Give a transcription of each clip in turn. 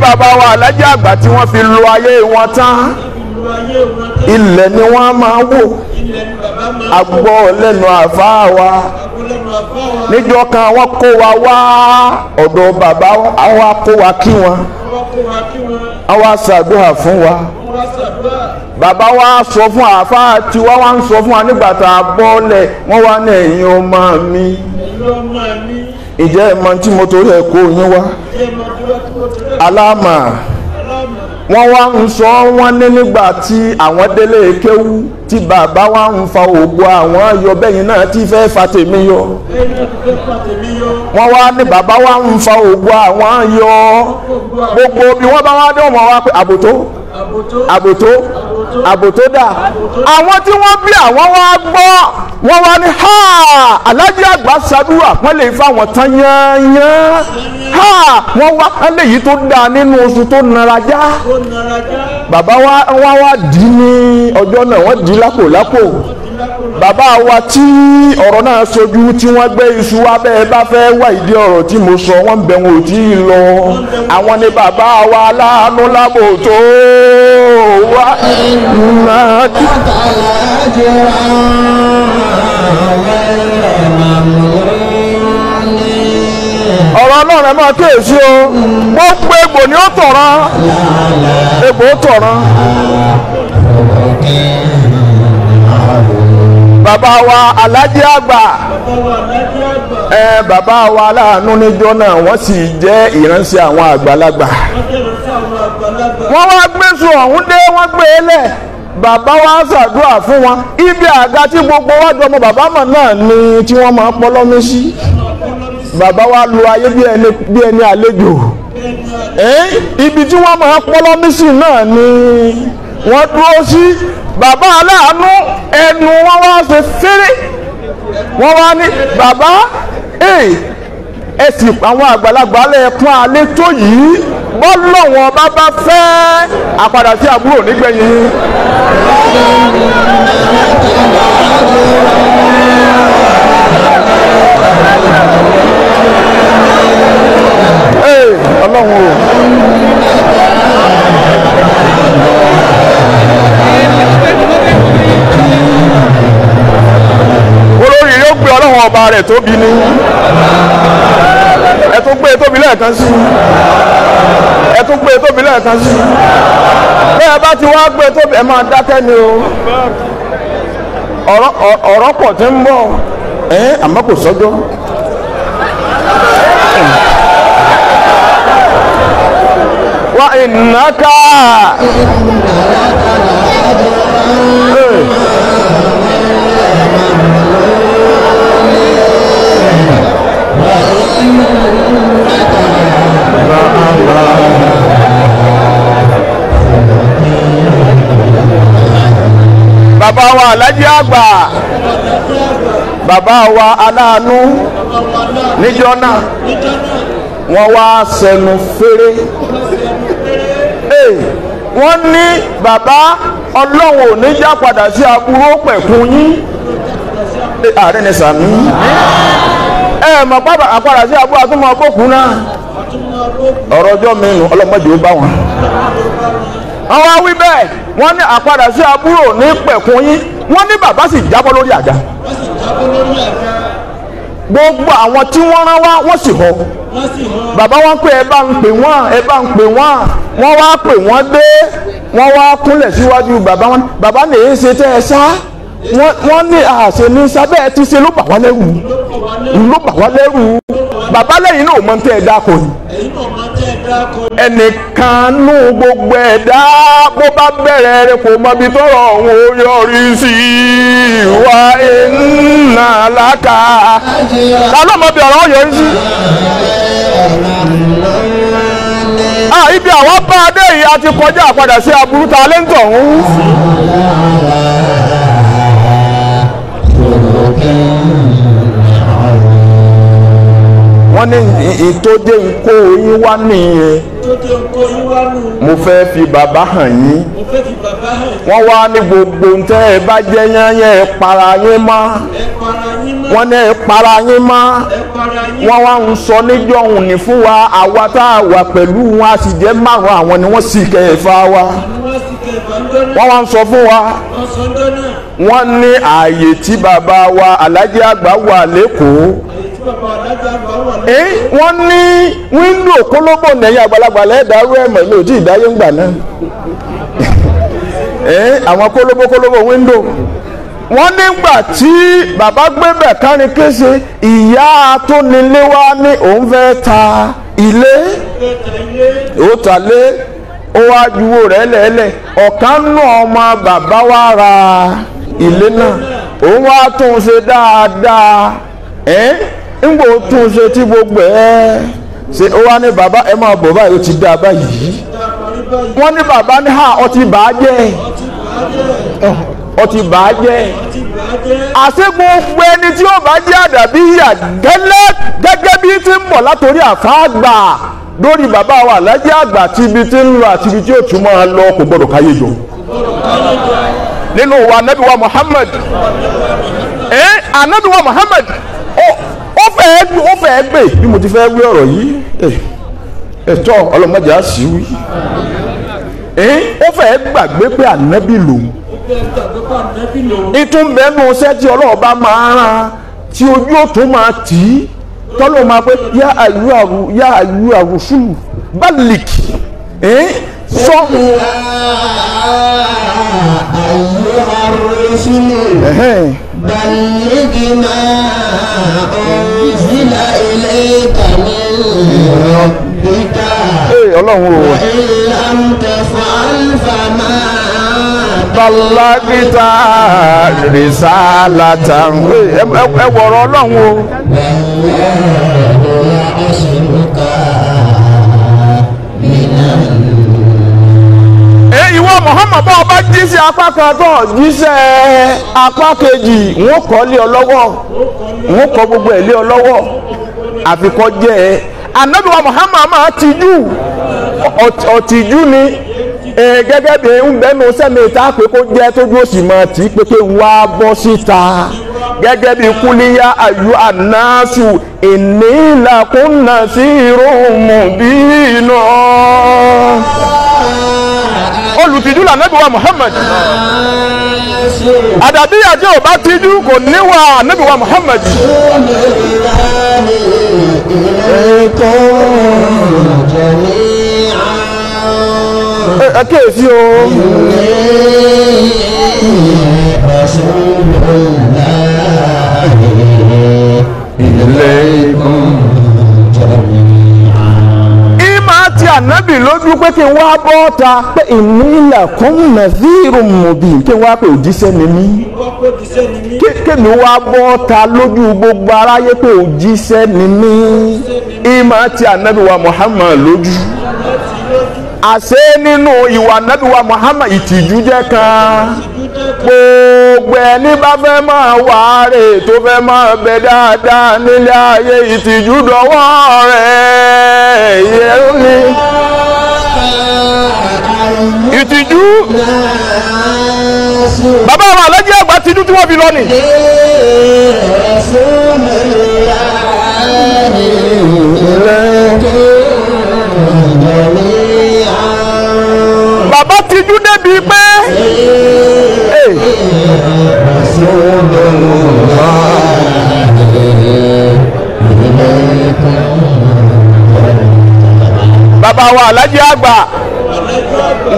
bàbá wa alájí àgbà tí wọ́n fi lo ayé wọn tán ilẹ̀ ni wọ́n máa wò agbọ́ lẹ́nu àfa wa níjọ́ kan wọ́n kó wa wá ọ̀dọ̀ bàbá wa kó wa kí wọn a wá ṣàdúrà fún wa bàbá wa sọ fún àáfà àti wọ́n wá ń sọ fún wa nígbà tá a bọ́lẹ̀ wọ́n wá ní ẹ̀yin ọmọ mi ìjẹ́ ẹ̀mọ tí mo torí ẹ̀ kó yín wá aláàmà. wọ́n wá ń sọ wọ́n ní nígbà tí àwọn délé kéwú tí bàbá wa ń fa ògbó àwọn yọ bẹ́yìn náà tí fẹ́ fa tèmi yọ. wọ́n wá ní bàbá wa ń fa ògbó àwọn yọ gbogbo bí wọ́n bá wá dé ọmọ wa pé àbòtó àbòtó àbòtó dà àwọn tí wọ́n bí àwọn wá gbọ́ wọ́n wá ní ha alájí àgbà ṣàdúrà wọ́n lè fáwọn tán yányán ha wọ́n wá eléyìí tó dáa nínú oṣù tó nara já bàbá wa wá wá dì í ní ọjọ́ náà wọ́n dì í lápò lápò bàbá wa tí ọ̀rọ̀ náà sojú tí wọ́n gbé iṣu wa bẹ́ẹ̀ bá fẹ́ wá ìdí ọ̀rọ̀ tí mo sọ wọ́n bẹ̀ wọn ò tí ì lọ àwọn ni bàbá wa láàánú lábò tó wá. ọ̀rọ̀ náà rẹ̀ máa kéèsì o gbogbo egbò ni ó tọ̀rọ̀ egbò ó tọ̀rọ̀ bàbá wa alájí àgbà ẹ bàbá wa aláàánú níjọ́ náà wọ́n sì jẹ́ ìránṣẹ́ àwọn àgbàlagbà wọ́n wá gbé sùn ọ̀hún dé wọ́n gbé e lẹ̀. bàbá wa ṣàdúrà fún wọn ibi àga tí gbogbo wa jọ ọmọ bàbá mọ̀ náà ni tí wọ́n máa pọlọ́mí sí bàbá wa lu ayé bí ẹni àlejò ibi tí wọ́n máa pọlọ́mí sí náà ni wọ́n dúró sí bàbá aláàánú ẹnu wọn wá ṣe fẹ́rẹ́ wọ́n wá ní bàbá ẹ̀ ẹ̀ sì àwọn àgbàlagbà lẹ́ẹ̀kan alẹ́ tó yìí bọ́lọ́wọ́n bá bá fẹ́ àpàdà sí àbúrò nígbẹ̀yìn. ọlọ́run o. olórí yóò gbé ọlọ́run ọba rẹ̀ tóbi ni. tún gbé e tóbi lẹ́ẹ̀kan sí ẹ tún gbé e tóbi lẹ́ẹ̀kan sí bẹ́ẹ̀ bá ti wá gbé e tóbi ẹ máa dákẹ́ ni o ọ̀rọ̀ pọ̀ tí ń bọ̀ ẹ àmọ́ kò sọ́jọ́. wa ìnáka. bàbá wa alájí àgbà bàbá wa aláàánú níjọ́ náà wọ́n wá sẹnu fèrè wọ́n ní bàbá ọlọ́run ò ní já padà sí aburú pẹ̀kún yín ààrẹ ní sàmí ẹ mọ̀ pápá àpàrà sí abúlé àtúmọ̀ kókù náà ọ̀rọ̀ ọjọ́ mi nù ọlọ́mọdé ó bá wọn. àwọn awí bẹ́ẹ̀ wọ́n ní àpàrà sí àbúrò ní pẹ̀kún yín wọ́n ní bàbá sì jábọ́ lórí àga. gbogbo àwọn tí wọ́n rán wá wọ́n sì họ bàbá wọn pé ẹ bá ń pè wọ́n ẹ bá ń pè wọ́n wọ́n wá pè wọ́n dé wọ́n wá kúnlẹ̀ síwájú bàbá wọn bàbá nìyí ṣe tẹ́ ẹ sá wọ́n ní àṣẹ ah, ní sábẹ́ ẹ ti ṣe ló bà wá lẹ́rù ló bà wá lẹ́rù bàbá lẹ́yìn náà mọ tẹ́ ẹ dáko ni ẹnìkan nú gbogbo ẹ̀dá bó bá bẹ̀rẹ̀ rẹ̀ kò mọ ibi tọrọ òun ó yọrí sí i wá iná láka lálọ́mọbi ọ̀rọ̀ ó yọrí sí i. ibi àwọn bá a dé yìí a ti kọjá àpadà sí aburú ta lẹ́ńtọ̀ ọ̀hún wọ́n ní ètò dé nkó yín wá nìyẹn mo fẹ́ fi bàbá hàn yín wọ́n wá ní gbogbo ntẹ́ ẹ bá jẹ́ yányẹ́ ẹ para yín má wọ́n ní ẹ para yín má wọ́n wá ń sọ níjọ́ òun ní fún wa àwa tá a wà pẹ̀lú wọn a sì jẹ́ márùn àwọn ni wọ́n sì kẹfà wa wọ́n wá ń sọ fún wa wọ́n ní ààyè tí bàbá wa alájì àgbà wà lẹ́kọ̀ọ́ wọ́n ní wíńdò kólóbò nẹ̀yìn àgbàlagbà lẹ́ẹ̀dárú ẹ̀mọ̀ ló jí ìdáyé ń gbà náà àwọn kólóbò kólóbò wíńdò wọ́n nígbà tí bàbá gbébẹ̀ kárin kése ìyá tó nílé ní òun fẹ́ ta ilé ó lé ó wá juwó rẹ̀ lẹ́lẹ̀ ọ̀kan náà ọmọ bàbá wa ra ilé náà òun wá tún un ṣe dáadáa ẹ́n ń gbò tún un ṣe tí gbogbo ẹ́ ṣe ó wá ní bàbá ẹ máa bọ̀ báyìí ó ti dá báyìí wọ́n ní bàbá ní hà ọtí bàá jẹ́ ọtí bàá jẹ́ àṣé gbogbo ẹni tí ó bá jẹ́ àdàbí yà gẹ́gẹ́ bí ti ń bọ̀ látòrí àfa àgbà lórí bàbá wa àlájẹ́ àgbà tí ibi tí ń lọ àti ibi tí ó tún máa lọ kò gbọ́dọ̀ káyé jọ. nínú wa anabi wa muhammad ẹ anabi wa muhammad ọ fẹ́ẹ́ gbé gbé bí mo ti fẹ wí ọrọ yìí ẹ̀tọ́ ọlọ́mọdé á sì wí gbàgbé pé anabi lòun ìtúnbẹ́nu sẹ́tì ọlọ́ọ̀bá máa rán tí ojú ò máa tì í tọ́lọ́ máa pé yá àyú àrùsùlù sọ. Bàlígìmá òǹzílà ilé ìtàní ọ̀bíkà. Ọlọ́run o. Ìlànà fàlfà máa. Bàlágìtà Ẹ wọ̀rọ̀ Ọlọ́run o. Muhammad bá ọba jíṣẹ́ apá kan tó jíṣẹ́ apá kejì wọ́n kọ́ lé ọ lọ́wọ́ wọ́n kọ́ gbogbo ẹ̀ lé ọ lọ́wọ́ àfikọ́ jẹ́ ẹ anabi wa Muhammad máa tijú ọ̀tìjú ni gẹ́gẹ́ bí ń bẹ́nu sẹ́mi ìta pé kó jẹ́ tójú òsì máa tì í pé pé wá bọ́ síta gẹ́gẹ́ bí kúlíyà ayú ànáṣù ìnílàkúnnà sí irun mùbínú ìtìjú là nẹ́bí wa Muhammad àdàbíyà ò bá tijú kò níwà nẹ́bí wa Muhammad. ẹ kéèsì o. ànábì lójú pé kí n wá bọ́ ta pé ìnílà kún nàzírù mùbí kí n wá pé òjíṣẹ́ ni mí kéèmí wá bọ́ ta lójú gbogbo aráyé pé òjíṣẹ́ ni mí ìmọ̀ àti ànábì wa Muhammad lójú àṣẹ nínú ìwà ànábì wa Muhammad ìtìjú jẹ́ kan gbogbo ẹni bá fẹ́ máa wà rè tó fẹ́ máa bẹ dáadáa nílé ayé ìtìjú dọwọ́ rẹ̀ yẹ́rù ni ìtìjú bàbá àwọn alájí àgbà tìjú tí wọ́n fi lọ nì. bàbá wa alájí àgbà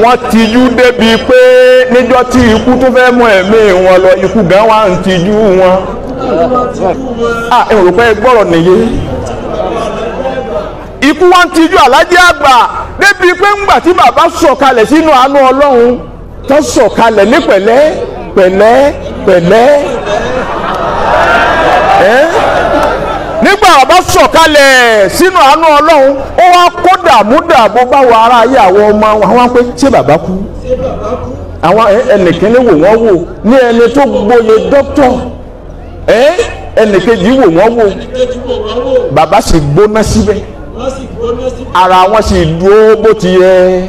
wọ́n tijú débi pé níjọ́ tí ikú tó fẹ́ mú ẹ̀mí wọn lọ ikú gan wa ń tijú wọn ah ẹ rò pé gbọ́rọ̀ nìyé ikú wa ń tijú alájí àgbà débi pé ńgbà tí bàbá sọ̀kalẹ̀ sínú àánú ọlọ́run tó sọ̀kalẹ̀ ní pẹ̀lẹ́ pẹ̀lẹ́ pẹ̀lẹ́ ẹ́ nígbà bá sọ̀kalẹ̀ sínú àánú ọlọ́run ó wá kó dààmú dààbò báwo ara ayé àwọn ọmọ àwọn pé ṣé bàbá kú àwọn ẹnìkẹ́lẹ́ wò wọ́n wò ní ẹni tó gboyè dókítọ̀ ẹnìkejì wò wọ́n wò bàbá sì gbóná síbẹ̀ ara wọn sì dúró bó ti yẹ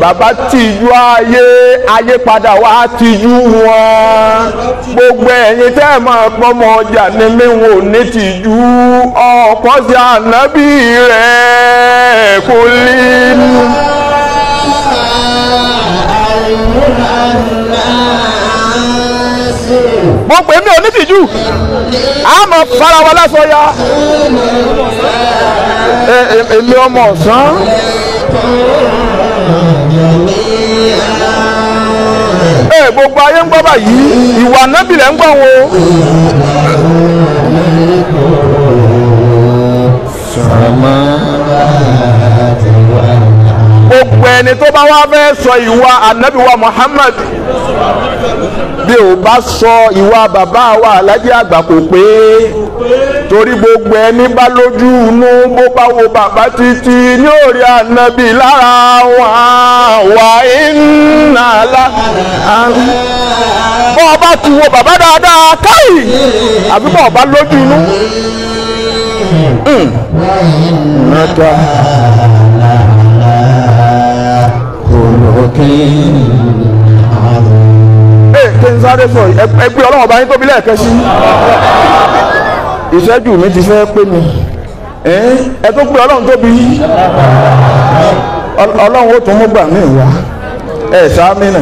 bàbá tìjú ayé ayé padà wá tìjú wọn gbogbo ẹ̀yin tẹ́ ẹ̀ máa pọ́nmọ ọjà ní léwọn ò ní tìjú ọ̀pọ̀ sí ànábì rẹ̀ kò lè mú. mo pè mí onítìjú a farawa lásọ ya èmi ọmọ ọ̀sán ẹ gbogbo ayé ń gbọ́ báyìí ìwà nábì lẹ́ ń gbọ́ wo. sọ̀rọ̀ mọ́ àti wàhálà ẹni tó bá wá fẹ́ sọ ìwà anabi wa Muhammad bí o bá sọ ìwà bàbá wa alájí àgbà kò pé torí gbogbo ẹni bá lójú inú bó bá wo bàbá títí ní òrí ànábì lára wa wà iná la bọ́ ọba ti wo bàbá dáadáa káyì àbí bọ́ ọba lójú inú. Hmm. Hmm ee kí n sáré sọ ẹgbẹ́ ọlọ́run ọba yín tóbi lẹ́ẹ̀kẹ́ sí ìṣẹ́jú mi ti fẹ́ pé mi ẹ tó pé ọlọ́run tóbi ọlọ́run ó tún mú gbà mí wá ẹ sáà mí nà.